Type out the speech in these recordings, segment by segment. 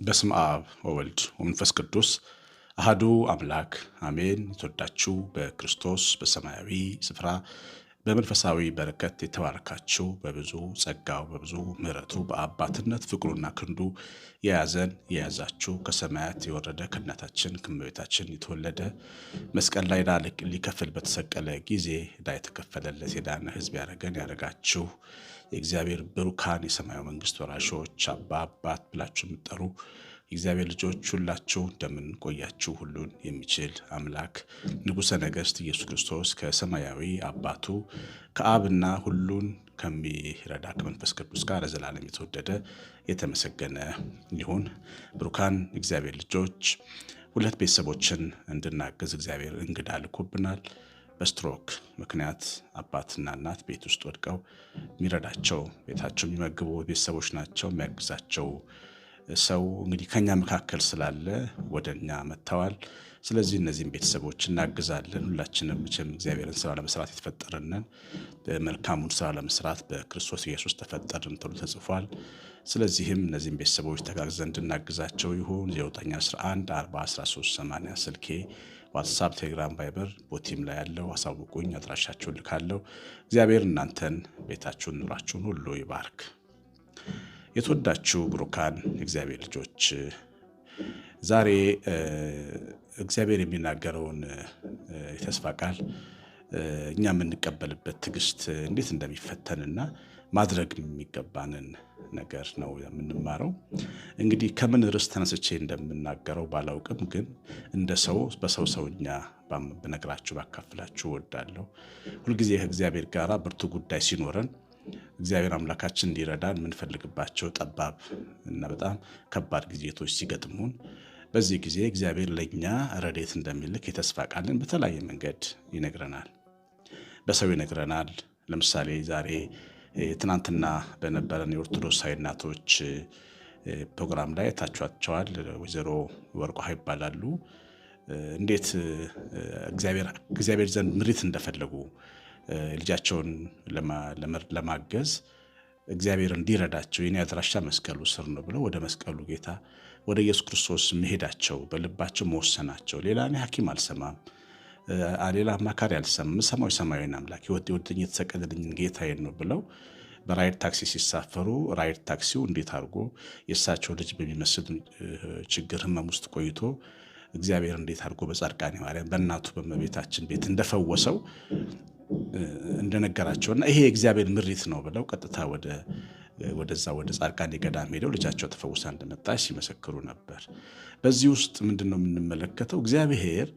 በስም አብ ወወልድ ወመንፈስ ቅዱስ አህዱ አምላክ አሜን። የተወዳችሁ በክርስቶስ በሰማያዊ ስፍራ በመንፈሳዊ በረከት የተባረካችሁ በብዙ ጸጋው በብዙ ምሕረቱ በአባትነት ፍቅሩና ክንዱ የያዘን የያዛችሁ ከሰማያት የወረደ ከእናታችን ከእመቤታችን የተወለደ መስቀል ላይ ዕዳ ሊከፍል በተሰቀለ ጊዜ ዕዳ የተከፈለለት የዳነ ሕዝብ ያደረገን ያደረጋችሁ የእግዚአብሔር ብሩካን የሰማዩ መንግስት ወራሾች አባ አባት ብላችሁ የምጠሩ የእግዚአብሔር ልጆች ሁላችሁ እንደምን ቆያችሁ? ሁሉን የሚችል አምላክ ንጉሠ ነገሥት ኢየሱስ ክርስቶስ ከሰማያዊ አባቱ ከአብና ሁሉን ከሚረዳ ከመንፈስ ቅዱስ ጋር ለዘላለም የተወደደ የተመሰገነ ይሁን። ብሩካን እግዚአብሔር ልጆች ሁለት ቤተሰቦችን እንድናግዝ እግዚአብሔር እንግዳ ልኮብናል። በስትሮክ ምክንያት አባትና እናት ቤት ውስጥ ወድቀው የሚረዳቸው ቤታቸው የሚመግቡ ቤተሰቦች ናቸው የሚያግዛቸው ሰው እንግዲህ ከኛ መካከል ስላለ ወደ እኛ መጥተዋል። ስለዚህ እነዚህም ቤተሰቦች እናግዛለን። ሁላችንም መቼም እግዚአብሔርን ስራ ለመስራት የተፈጠርንን መልካሙን ስራ ለመስራት በክርስቶስ ኢየሱስ ተፈጠርን ተብሎ ተጽፏል። ስለዚህም እነዚህም ቤተሰቦች ተጋግዘን እንድናግዛቸው ይሁን 0911 4138 ስልኬ፣ ዋትሳፕ፣ ቴሌግራም፣ ቫይበር ቦቲም ላይ ያለው አሳውቁኝ። አድራሻችሁን ልካለው። እግዚአብሔር እናንተን ቤታችሁን ኑራችሁን ሁሉ ይባርክ። የተወዳችሁ ብሩካን እግዚአብሔር ልጆች ዛሬ እግዚአብሔር የሚናገረውን የተስፋ ቃል እኛ የምንቀበልበት ትዕግስት እንዴት እንደሚፈተንና ማድረግ የሚገባንን ነገር ነው የምንማረው። እንግዲህ ከምን ርዕስ ተነስቼ እንደምናገረው ባላውቅም፣ ግን እንደ ሰው በሰው ሰውኛ ብነግራችሁ ባካፍላችሁ እወዳለሁ። ሁልጊዜ ከእግዚአብሔር ጋር ብርቱ ጉዳይ ሲኖረን እግዚአብሔር አምላካችን እንዲረዳን የምንፈልግባቸው ጠባብ እና በጣም ከባድ ጊዜቶች ሲገጥሙን በዚህ ጊዜ እግዚአብሔር ለእኛ ረዴት እንደሚልክ የተስፋ ቃልን በተለያየ መንገድ ይነግረናል፣ በሰው ይነግረናል። ለምሳሌ ዛሬ ትናንትና በነበረን የኦርቶዶክሳዊ እናቶች ፕሮግራም ላይ ታችኋቸዋል። ወይዘሮ ወርቋሃ ይባላሉ። እንዴት እግዚአብሔር ዘንድ ምሪት እንደፈለጉ ልጃቸውን ለማገዝ እግዚአብሔር እንዲረዳቸው የኔ አድራሻ መስቀሉ ስር ነው ብለው ወደ መስቀሉ ጌታ ወደ ኢየሱስ ክርስቶስ መሄዳቸው በልባቸው መወሰናቸው። ሌላ እኔ ሐኪም አልሰማም፣ ሌላ አማካሪ አልሰማም። የምሰማው የሰማያዊን አምላክ ሕይወት ወደኝ የተሰቀለልኝን ጌታዬን ነው ብለው በራይድ ታክሲ ሲሳፈሩ ራይድ ታክሲው እንዴት አድርጎ የእሳቸው ልጅ በሚመስል ችግር ህመም ውስጥ ቆይቶ እግዚአብሔር እንዴት አድርጎ በጻድቃኔ ማርያም በእናቱ በመቤታችን ቤት እንደፈወሰው እንደነገራቸውና ይሄ የእግዚአብሔር ምሪት ነው ብለው ቀጥታ ወደዛ ወደ ጻድቃኔ ገዳም ሄደው ልጃቸው ተፈውሳ እንደመጣች ሲመሰክሩ ነበር። በዚህ ውስጥ ምንድን ነው የምንመለከተው? እግዚአብሔር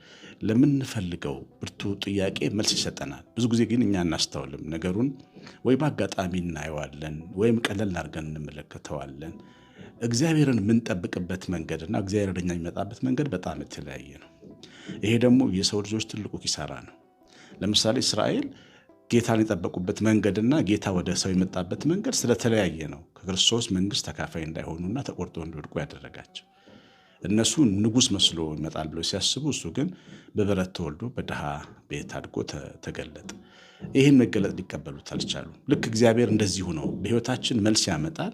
ለምንፈልገው ብርቱ ጥያቄ መልስ ይሰጠናል። ብዙ ጊዜ ግን እኛ እናስተውልም። ነገሩን ወይ በአጋጣሚ እናየዋለን፣ ወይም ቀለል አድርገን እንመለከተዋለን። እግዚአብሔርን የምንጠብቅበት መንገድና እግዚአብሔር ወደኛ የሚመጣበት መንገድ በጣም የተለያየ ነው። ይሄ ደግሞ የሰው ልጆች ትልቁ ኪሳራ ነው። ለምሳሌ እስራኤል ጌታን የጠበቁበት መንገድና ጌታ ወደ ሰው የመጣበት መንገድ ስለተለያየ ነው ከክርስቶስ መንግስት ተካፋይ እንዳይሆኑና ተቆርጦ እንዲወድቁ ያደረጋቸው። እነሱ ንጉስ መስሎ ይመጣል ብለው ሲያስቡ፣ እሱ ግን በበረት ተወልዶ በድሃ ቤት አድጎ ተገለጠ። ይህን መገለጥ ሊቀበሉት አልቻሉ። ልክ እግዚአብሔር እንደዚሁ ነው። በህይወታችን መልስ ያመጣል።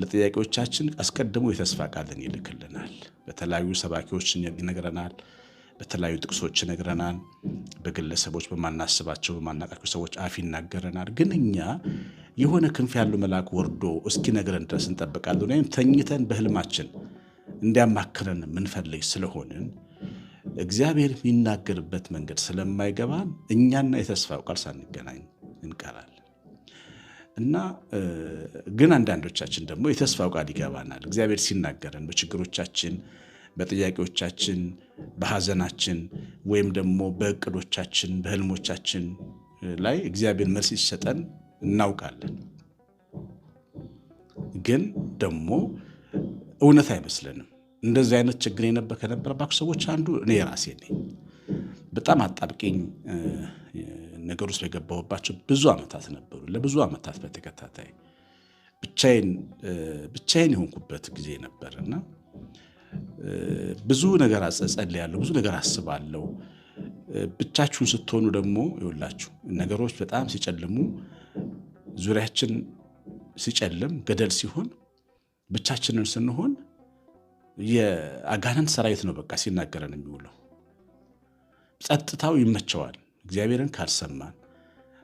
ለጥያቄዎቻችን አስቀድሞ የተስፋ ቃልን ይልክልናል። በተለያዩ ሰባኪዎች ይነግረናል። በተለያዩ ጥቅሶች ይነግረናል። በግለሰቦች በማናስባቸው በማናቃቸው ሰዎች አፍ ይናገረናል። ግን እኛ የሆነ ክንፍ ያለው መልአክ ወርዶ እስኪነግረን ድረስ እንጠብቃለን። ወይም ተኝተን በህልማችን እንዲያማክረን የምንፈልግ ስለሆንን እግዚአብሔር የሚናገርበት መንገድ ስለማይገባን እኛና የተስፋው ቃል ሳንገናኝ እንቀራለን። እና ግን አንዳንዶቻችን ደግሞ የተስፋው ቃል ይገባናል። እግዚአብሔር ሲናገረን በችግሮቻችን በጥያቄዎቻችን፣ በሐዘናችን ወይም ደግሞ በእቅዶቻችን፣ በህልሞቻችን ላይ እግዚአብሔር መልስ ሲሰጠን እናውቃለን። ግን ደግሞ እውነት አይመስለንም። እንደዚህ አይነት ችግር የነበር ከነበረባቸው ሰዎች አንዱ እኔ ራሴ ነኝ። በጣም አጣብቂኝ ነገር ውስጥ የገባሁባቸው ብዙ ዓመታት ነበሩ። ለብዙ ዓመታት በተከታታይ ብቻዬን ብቻዬን የሆንኩበት ጊዜ ነበር እና ብዙ ነገር ጸልያለሁ፣ ብዙ ነገር አስባለሁ። ብቻችሁን ስትሆኑ ደግሞ ይውላችሁ ነገሮች በጣም ሲጨልሙ፣ ዙሪያችን ሲጨልም፣ ገደል ሲሆን፣ ብቻችንን ስንሆን የአጋንንት ሰራዊት ነው በቃ ሲናገረን የሚውለው። ጸጥታው ይመቸዋል። እግዚአብሔርን ካልሰማን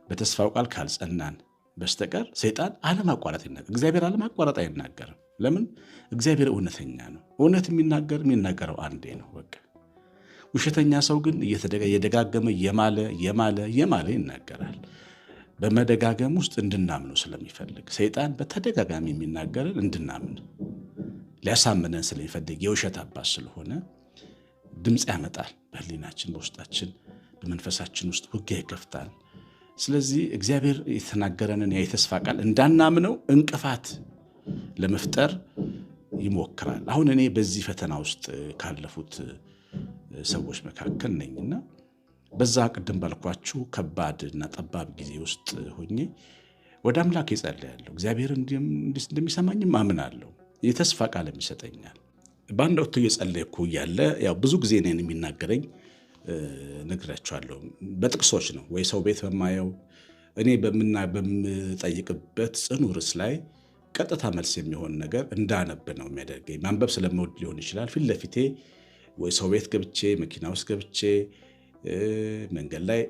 በተስፋው ቃል ካልጸናን በስተቀር ሰይጣን አለማቋረጥ ይናገር። እግዚአብሔር አለማቋረጥ አይናገርም። ለምን? እግዚአብሔር እውነተኛ ነው። እውነት የሚናገር የሚናገረው አንዴ ነው። በቃ ውሸተኛ ሰው ግን እየደጋገመ የማለ የማለ የማለ ይናገራል። በመደጋገም ውስጥ እንድናምነው ስለሚፈልግ ሰይጣን በተደጋጋሚ የሚናገርን እንድናምን ሊያሳምነን ስለሚፈልግ የውሸት አባት ስለሆነ ድምፅ ያመጣል። በህሊናችን፣ በውስጣችን በመንፈሳችን ውስጥ ውጊያ ይከፍታል። ስለዚህ እግዚአብሔር የተናገረንን ያ የተስፋ ቃል እንዳናምነው እንቅፋት ለመፍጠር ይሞክራል። አሁን እኔ በዚህ ፈተና ውስጥ ካለፉት ሰዎች መካከል ነኝና በዛ ቅድም ባልኳችሁ ከባድ እና ጠባብ ጊዜ ውስጥ ሆኜ ወደ አምላክ እጸልያለሁ። እግዚአብሔር እንደሚሰማኝም አምናለሁ። የተስፋ ቃልም ይሰጠኛል። በአንድ ወቅት እየጸለይኩ እያለ ያው ብዙ ጊዜ ነን የሚናገረኝ ነግራችኋለሁ። በጥቅሶች ነው ወይ ሰው ቤት በማየው እኔ በምጠይቅበት ጽኑ ርዕስ ላይ ቀጥታ መልስ የሚሆን ነገር እንዳነብ ነው የሚያደርገኝ። ማንበብ ስለመወድ ሊሆን ይችላል። ፊት ለፊቴ ወይ ሰው ቤት ገብቼ መኪና ውስጥ ገብቼ መንገድ ላይ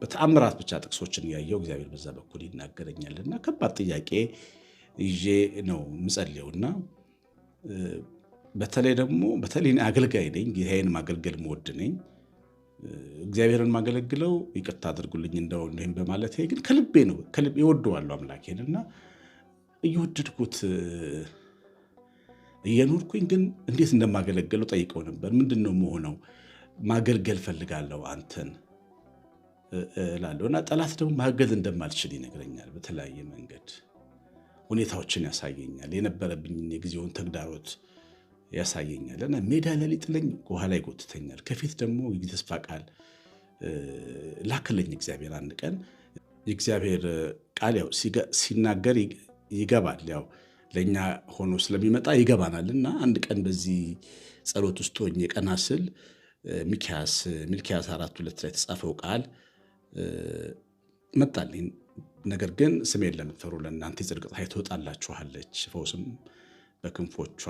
በተአምራት ብቻ ጥቅሶችን እያየው እግዚአብሔር በዛ በኩል ይናገረኛል እና ከባድ ጥያቄ ይዤ ነው ምጸልየውና በተለይ ደግሞ በተለይ አገልጋይ ነኝ። ጌታዬን ማገልገል መወድ ነኝ። እግዚአብሔርን ማገለግለው ይቅርታ አድርጉልኝ እንደው በማለት ግን ከልቤ ነው ይወደዋለሁ አምላኬን እና እየወደድኩት እየኖርኩኝ ግን እንዴት እንደማገለገለው ጠይቀው ነበር። ምንድን ነው መሆነው? ማገልገል ፈልጋለሁ አንተን እላለሁ እና ጠላት ደግሞ ማገል እንደማልችል ይነግረኛል። በተለያየ መንገድ ሁኔታዎችን ያሳየኛል። የነበረብኝን የጊዜውን ተግዳሮት ያሳየኛል እና ሜዳ ላይ ሊጥለኝ ከኋላ ይጎትተኛል። ከፊት ደግሞ ተስፋ ቃል ላክልኝ እግዚአብሔር። አንድ ቀን የእግዚአብሔር ቃል ሲናገር ይገባል። ያው ለእኛ ሆኖ ስለሚመጣ ይገባናል እና አንድ ቀን በዚህ ጸሎት ውስጥ ሆኜ ቀና ስል ሚኪያስ ሚልኪያስ አራት ሁለት ላይ የተጻፈው ቃል መጣልኝ። ነገር ግን ስሜን ለምትፈሩ ለእናንተ የጽድቅ ፀሐይ ትወጣላችኋለች፣ ፈውስም በክንፎቿ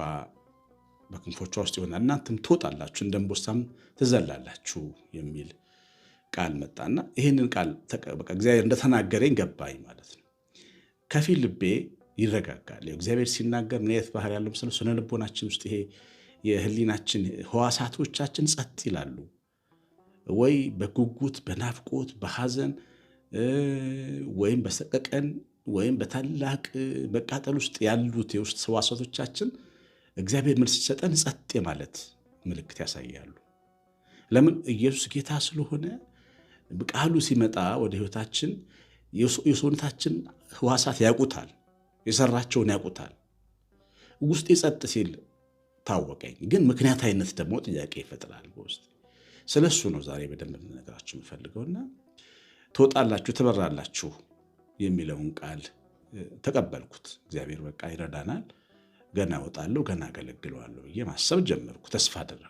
ውስጥ ይሆናል፣ እናንተም ትወጣላችሁ፣ እንደ አንበሳም ትዘላላችሁ የሚል ቃል መጣና ይህንን ቃል በቃ እግዚአብሔር እንደተናገረኝ ገባኝ ማለት ነው። ከፊል ልቤ ይረጋጋል። እግዚአብሔር ሲናገር ምን አይነት ባህር ያለው መሰለ ስነ ልቦናችን ውስጥ ይሄ የህሊናችን ህዋሳቶቻችን ጸጥ ይላሉ ወይ በጉጉት በናፍቆት በሐዘን ወይም በሰቀቀን ወይም በታላቅ መቃጠል ውስጥ ያሉት የውስጥ ህዋሳቶቻችን እግዚአብሔር መልስ ሲሰጠን ጸጥ ማለት ምልክት ያሳያሉ። ለምን? ኢየሱስ ጌታ ስለሆነ ቃሉ ሲመጣ ወደ ህይወታችን የሰውነታችን ህዋሳት ያውቁታል፣ የሰራቸውን ያውቁታል። ውስጤ ጸጥ ሲል ታወቀኝ። ግን ምክንያታዊነት ደግሞ ጥያቄ ይፈጥራል በውስጥ ስለ እሱ ነው ዛሬ በደንብ የምነግራችሁ የምፈልገውና ትወጣላችሁ፣ ትበራላችሁ የሚለውን ቃል ተቀበልኩት። እግዚአብሔር በቃ ይረዳናል፣ ገና እወጣለሁ፣ ገና አገለግለዋለሁ ብዬ ማሰብ ጀመርኩ፣ ተስፋ አደረግኩ።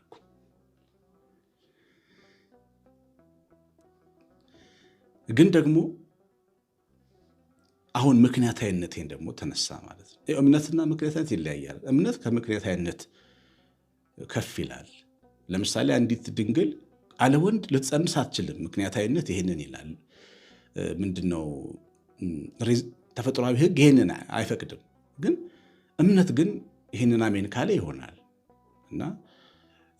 ግን ደግሞ አሁን ምክንያታዊነቴን ደግሞ ተነሳ ማለት ነው። እምነትና ምክንያታዊነት ይለያያል። እምነት ከምክንያታዊነት ከፍ ይላል። ለምሳሌ አንዲት ድንግል አለወንድ ልትጸንስ አትችልም። ምክንያታዊነት ይህንን ይላል። ምንድነው ተፈጥሯዊ ሕግ ይህንን አይፈቅድም። ግን እምነት ግን ይህንን አሜን ካለ ይሆናል እና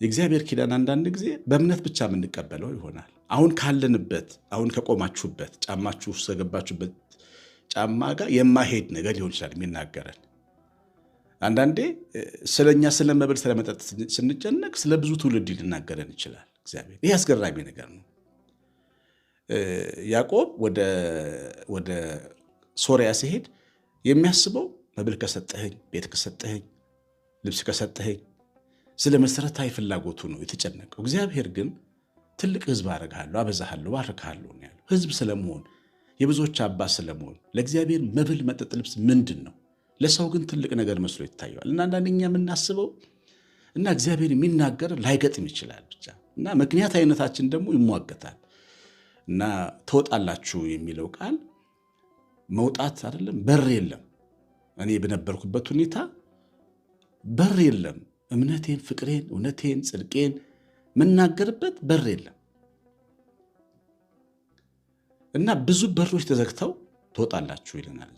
የእግዚአብሔር ኪዳን አንዳንድ ጊዜ በእምነት ብቻ የምንቀበለው ይሆናል። አሁን ካለንበት አሁን ከቆማችሁበት ጫማችሁ ከገባችሁበት ጫማ ጋር የማሄድ ነገር ሊሆን ይችላል የሚናገረን። አንዳንዴ ስለኛ ስለመብል ስለመጠጥ ስንጨነቅ ስለ ብዙ ትውልድ ሊናገረን ይችላል እግዚአብሔር። ይህ አስገራሚ ነገር ነው። ያዕቆብ ወደ ሶሪያ ሲሄድ የሚያስበው መብል ከሰጠህኝ፣ ቤት ከሰጠኸኝ፣ ልብስ ከሰጠኸኝ ስለ መሰረታዊ ፍላጎቱ ነው የተጨነቀው። እግዚአብሔር ግን ትልቅ ህዝብ አደርግሃለሁ፣ አበዛሃለሁ፣ ባርክሃለሁ ያለው ህዝብ ስለመሆን የብዙዎች አባት ስለመሆን ለእግዚአብሔር መብል፣ መጠጥ፣ ልብስ ምንድን ነው? ለሰው ግን ትልቅ ነገር መስሎ ይታየዋል። እና አንዳንድ እኛ የምናስበው እና እግዚአብሔር የሚናገር ላይገጥም ይችላል ብቻ እና ምክንያት አይነታችን ደግሞ ይሟገታል እና ትወጣላችሁ የሚለው ቃል መውጣት አይደለም። በር የለም። እኔ በነበርኩበት ሁኔታ በር የለም። እምነቴን፣ ፍቅሬን፣ እውነቴን፣ ጽድቄን የምናገርበት በር የለም። እና ብዙ በሮች ተዘግተው ትወጣላችሁ ይለናል።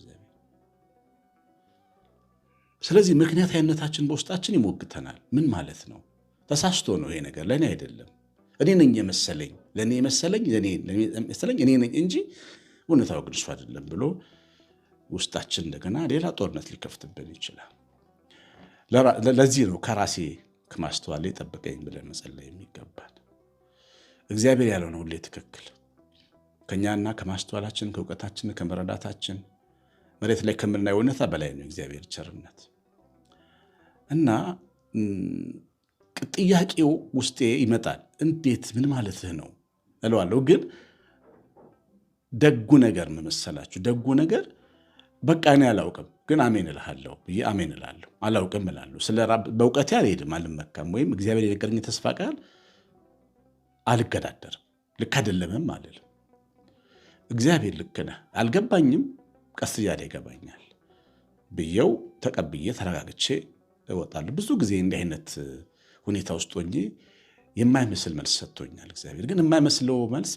ስለዚህ ምክንያት አይነታችን በውስጣችን ይሞግተናል። ምን ማለት ነው? ተሳስቶ ነው ይሄ ነገር ለእኔ አይደለም፣ እኔ ነኝ የመሰለኝ፣ ለእኔ የመሰለኝ መሰለኝ እኔ ነኝ እንጂ እውነታው ግን እሱ አይደለም ብሎ ውስጣችን እንደገና ሌላ ጦርነት ሊከፍትብን ይችላል። ለዚህ ነው ከራሴ ከማስተዋል የጠበቀኝ ብለን መጸለይ የሚገባል። እግዚአብሔር ያለው ነው ሁሌ ትክክል ከእኛና ከማስተዋላችን ከእውቀታችን ከመረዳታችን መሬት ላይ ከምናየው እውነታ በላይ ነው እግዚአብሔር ቸርነት እና ጥያቄው ውስጤ ይመጣል። እንዴት ምን ማለትህ ነው እለዋለሁ። ግን ደጉ ነገር መመሰላችሁ ደጉ ነገር በቃ እኔ አላውቅም፣ ግን አሜን እልሃለሁ ብዬ አሜን እላለሁ። አላውቅም እላለሁ። በእውቀቴ አልሄድም፣ አልመካም፣ ወይም እግዚአብሔር የነገረኝ ተስፋ ቃል አልገዳደርም። ልክ አይደለምም አልልም። እግዚአብሔር ልክ ነህ፣ አልገባኝም፣ ቀስ እያለ ይገባኛል ብየው ተቀብዬ ተረጋግቼ እወጣለሁ። ብዙ ጊዜ እንዲህ አይነት ሁኔታ ውስጥ ሆኜ የማይመስል መልስ ሰጥቶኛል እግዚአብሔር። ግን የማይመስለው መልስ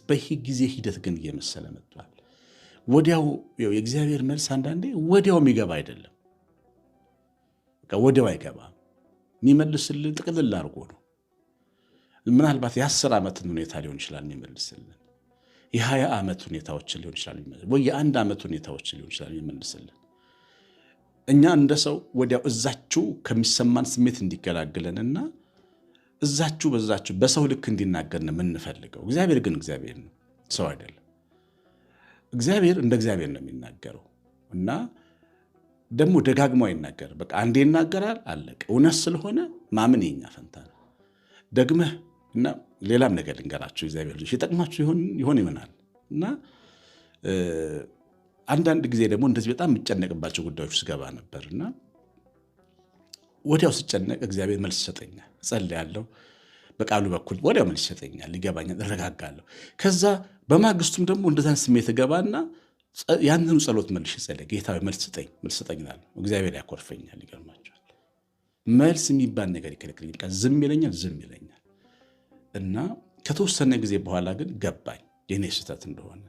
ጊዜ ሂደት ግን እየመሰለ መጥቷል። ወዲያው የእግዚአብሔር መልስ አንዳንዴ ወዲያው የሚገባ አይደለም። ወዲያው አይገባም። የሚመልስልን ጥቅልል አድርጎ ነው። ምናልባት የአስር ዓመትን ሁኔታ ሊሆን ይችላል የሚመልስልን የሀያ ዓመት ሁኔታዎችን ሊሆን ይችላል ወይ የአንድ ዓመት ሁኔታዎችን ሊሆን ይችላል የሚመልስልን። እኛ እንደ ሰው ወዲያው እዛችሁ ከሚሰማን ስሜት እንዲገላግለንና እዛችሁ በዛችሁ በሰው ልክ እንዲናገርን የምንፈልገው እግዚአብሔር ግን እግዚአብሔር ነው፣ ሰው አይደለም። እግዚአብሔር እንደ እግዚአብሔር ነው የሚናገረው እና ደግሞ ደጋግሞ ይናገር። በቃ አንዴ ይናገራል፣ አለቀ። እውነት ስለሆነ ማመን የኛ ፈንታ ነው ደግመህ እና ሌላም ነገር ልንገራችሁ፣ እግዚአብሔር ልጆች ይጠቅማችሁ ይሆን ይሆናል እና አንዳንድ ጊዜ ደግሞ እንደዚህ በጣም የምጨነቅባቸው ጉዳዮች ውስጥ ገባ ነበር እና ወዲያው ስጨነቅ እግዚአብሔር መልስ ይሰጠኛል። እጸልያለሁ፣ በቃሉ በኩል ወዲያው መልስ ይሰጠኛል፣ ይገባኛል፣ እረጋጋለሁ። ከዛ በማግስቱም ደግሞ እንደዛን ስሜት እገባና ያንኑ ጸሎት መልሽ ይጸለ ጌታ መልስ ስጠኝ፣ መልስ ስጠኝ እላለሁ። እግዚአብሔር ያኮርፈኛል። ይገርማቸዋል። መልስ የሚባል ነገር ይከለክለኛል። ዝም ይለኛል፣ ዝም ይለኛል። እና ከተወሰነ ጊዜ በኋላ ግን ገባኝ የኔ ስህተት እንደሆነ።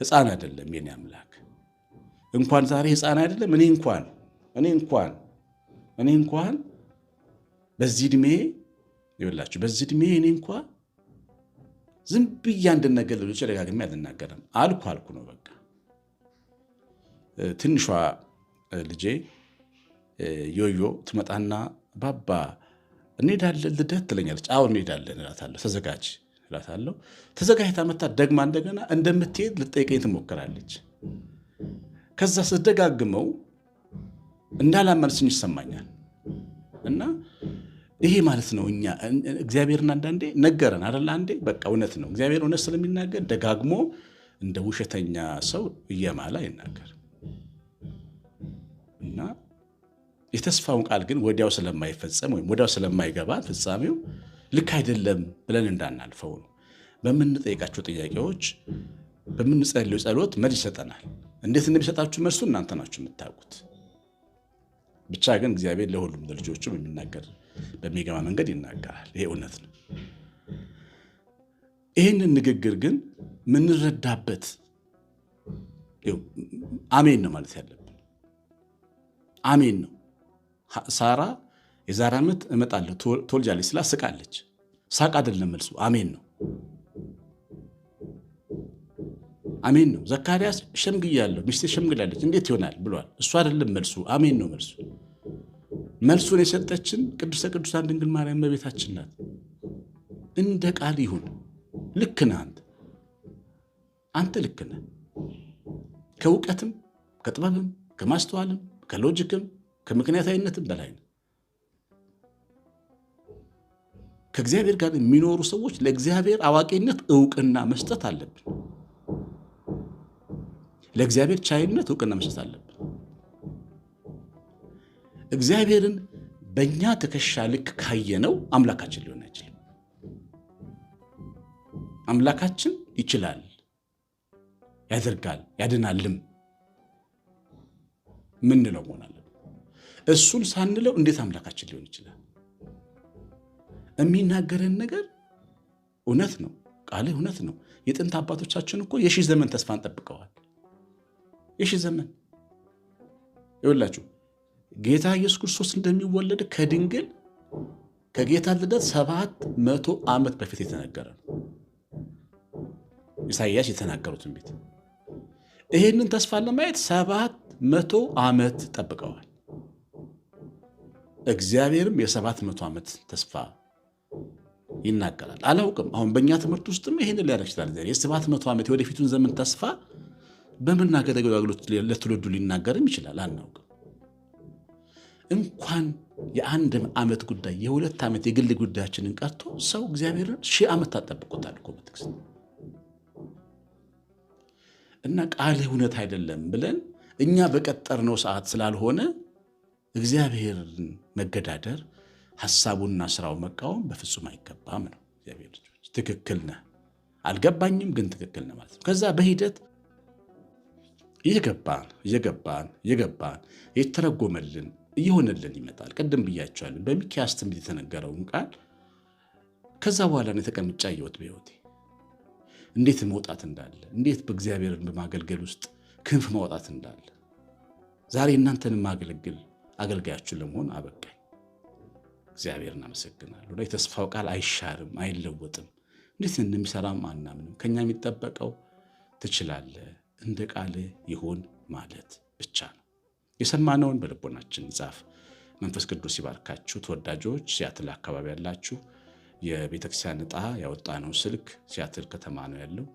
ህፃን አይደለም የኔ አምላክ። እንኳን ዛሬ ህፃን አይደለም እኔ እንኳን እኔ እንኳን እኔ እንኳን በዚህ ዕድሜ ይበላችሁ በዚህ ዕድሜ እኔ እንኳ ዝም ብዬ አንድን ነገር ልጆች ደጋግሜ አልናገርም አልኩ አልኩ ነው በቃ። ትንሿ ልጄ ዮዮ ትመጣና ባባ እንሄዳለን ልደት ትለኛለች። አሁን እንሄዳለን እላታለሁ። ተዘጋጅ እላታለሁ። ተዘጋጅታ መታ ደግማ እንደገና እንደምትሄድ ልጠይቀኝ ትሞክራለች። ከዛ ስደጋግመው እንዳላመነችኝ ይሰማኛል። እና ይሄ ማለት ነው እኛ እግዚአብሔርን አንዳንዴ ነገረን አደለ? አንዴ በቃ እውነት ነው እግዚአብሔር እውነት ስለሚናገር ደጋግሞ እንደ ውሸተኛ ሰው እየማለ አይናገር እና የተስፋውን ቃል ግን ወዲያው ስለማይፈጸም ወይም ወዲያው ስለማይገባ ፍጻሜው ልክ አይደለም ብለን እንዳናልፈው ነው። በምንጠይቃቸው ጥያቄዎች፣ በምንጸልዩ ጸሎት መልስ ይሰጠናል። እንዴት እንደሚሰጣችሁ መልሱ እናንተ ናችሁ የምታውቁት። ብቻ ግን እግዚአብሔር ለሁሉም ለልጆቹም የሚናገር በሚገባ መንገድ ይናገራል። ይሄ እውነት ነው። ይህንን ንግግር ግን ምንረዳበት አሜን ነው ማለት ያለብን አሜን ነው። ሳራ የዛሬ ዓመት እመጣለሁ ትወልጃለች ስላ ስቃለች። ሳቅ አይደለም መልሱ፣ አሜን ነው። አሜን ነው። ዘካርያስ ሸምግያለሁ፣ ሚስቴ ሸምግላለች፣ እንዴት ይሆናል ብሏል። እሱ አይደለም መልሱ፣ አሜን ነው መልሱ። መልሱን የሰጠችን ቅድስተ ቅዱሳን ድንግል ማርያም እመቤታችን ናት። እንደ ቃል ይሁን። ልክ ነህ አንተ አንተ ልክ ነህ። ከእውቀትም ከጥበብም ከማስተዋልም ከሎጂክም ከምክንያታዊነትም በላይ ነው። ከእግዚአብሔር ጋር የሚኖሩ ሰዎች ለእግዚአብሔር አዋቂነት እውቅና መስጠት አለብን። ለእግዚአብሔር ቻይነት እውቅና መስጠት አለብን። እግዚአብሔርን በእኛ ትከሻ ልክ ካየነው አምላካችን ሊሆን አይችልም። አምላካችን ይችላል፣ ያደርጋል፣ ያድናልም ምንለው ሆናል እሱን ሳንለው እንዴት አምላካችን ሊሆን ይችላል? የሚናገረን ነገር እውነት ነው። ቃል እውነት ነው። የጥንት አባቶቻችን እኮ የሺ ዘመን ተስፋን ጠብቀዋል። የሺ ዘመን ይወላችሁ ጌታ ኢየሱስ ክርስቶስ እንደሚወለድ ከድንግል ከጌታ ልደት ሰባት መቶ ዓመት በፊት የተነገረ ነው። ኢሳይያስ የተናገሩትን ቤት ይህንን ተስፋ ለማየት ሰባት መቶ ዓመት ጠብቀዋል። እግዚአብሔርም የሰባት መቶ ዓመት ተስፋ ይናገራል። አላውቅም አሁን በእኛ ትምህርት ውስጥም ይህን ሊያደርግ ይችላል። የሰባት መቶ ዓመት የወደፊቱን ዘመን ተስፋ በመናገር አገልግሎት ለትውልዱ ሊናገርም ይችላል። አናውቅም እንኳን የአንድ ዓመት ጉዳይ የሁለት ዓመት የግል ጉዳያችንን ቀርቶ ሰው እግዚአብሔርን ሺህ ዓመት ታጠብቆታል እኮ በትዕግስት እና ቃልህ እውነት አይደለም ብለን እኛ በቀጠርነው ሰዓት ስላልሆነ እግዚአብሔርን መገዳደር፣ ሀሳቡና ስራው መቃወም በፍጹም አይገባም ነው። እግዚአብሔር ልጆች ትክክል ነህ፣ አልገባኝም ግን ትክክል ነህ ማለት ነው። ከዛ በሂደት እየገባን እየገባን እየገባን የተረጎመልን እየሆነልን ይመጣል። ቅድም ብያቸዋለን በሚኪያስ ትንቢት የተነገረውን ቃል ከዛ በኋላ ነው የተቀምጫ ህይወት በሕይወቴ እንዴት መውጣት እንዳለ እንዴት በእግዚአብሔርን በማገልገል ውስጥ ክንፍ ማውጣት እንዳለ ዛሬ እናንተን የማገለግል አገልጋያችሁ ለመሆን አበቃኝ። እግዚአብሔር እናመሰግናለሁ። ላይ የተስፋው ቃል አይሻርም፣ አይለወጥም። እንዴት እንደሚሰራም አናምንም። ከኛ የሚጠበቀው ትችላለህ፣ እንደ ቃል ይሁን ማለት ብቻ ነው። የሰማነውን በልቦናችን ጻፍ። መንፈስ ቅዱስ ይባርካችሁ። ተወዳጆች፣ ሲያትል አካባቢ ያላችሁ የቤተክርስቲያን ዕጣ ያወጣነው ስልክ ሲያትል ከተማ ነው ያለው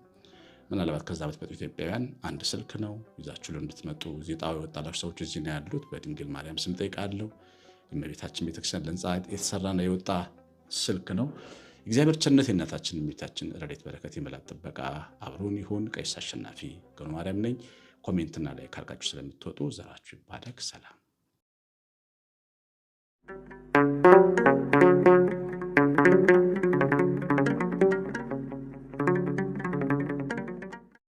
ምናልባት ከዛ በፊት ኢትዮጵያውያን አንድ ስልክ ነው ይዛችሁ እንድትመጡ ዜጣዊ ወጣላችሁ ሰዎች እዚህ ነው ያሉት። በድንግል ማርያም ስም ጠይቃለሁ። የእመቤታችን ቤተክርስቲያን ለሕንፃ የተሰራና የወጣ ስልክ ነው። እግዚአብሔር ቸነት የእናታችን እመቤታችን ረድኤት በረከት የመላት ጥበቃ አብሮን ይሁን። ቀሲስ አሸናፊ ገኑ ማርያም ነኝ። ኮሜንትና ላይ ካልካችሁ ስለምትወጡ ዘራችሁ ይባረክ። ሰላም